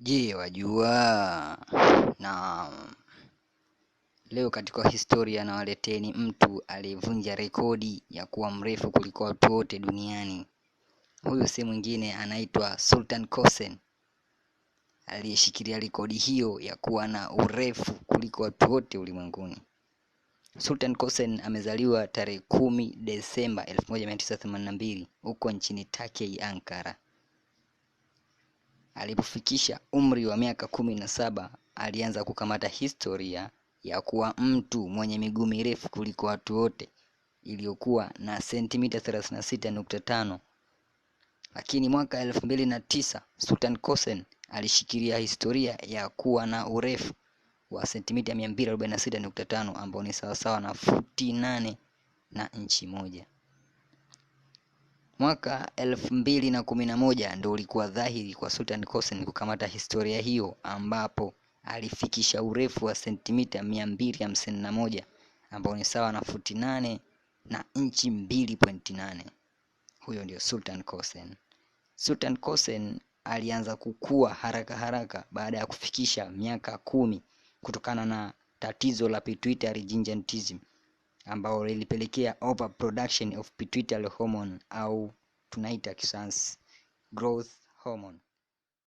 Je, wajua? Naam, leo katika historia nawaleteni mtu aliyevunja rekodi ya kuwa mrefu kuliko watu wote duniani. Huyu si mwingine anaitwa Sultan Kosen, aliyeshikilia rekodi hiyo ya kuwa na urefu kuliko watu wote ulimwenguni. Sultan Kosen amezaliwa tarehe kumi Desemba 1982 huko nchini Turkey, Ankara. Alipofikisha umri wa miaka kumi na saba alianza kukamata historia ya kuwa mtu mwenye miguu mirefu kuliko watu wote iliyokuwa na sentimita 36.5 lakini mwaka na tisa Sultan Kosen alishikilia historia ya kuwa na urefu wa sentimita 246.5 ambao ni sawasawa na futi 8 na inchi moja. Mwaka elfu mbili na na kumi moja ndo ulikuwa dhahiri kwa Sultan Kosen kukamata historia hiyo ambapo alifikisha urefu wa sentimita mia mbili hamsini na moja ambao ni sawa na futi nane na inchi nane Huyo ndio Sultan Kosen. Sultan Kosen alianza kukua haraka haraka baada ya kufikisha miaka kumi kutokana na tatizo la pituitary gingivitis ambao lilipelekea overproduction of pituitary hormone au tunaita kisayansi growth hormone.